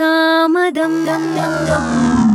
കാമദം ദം ദം ദം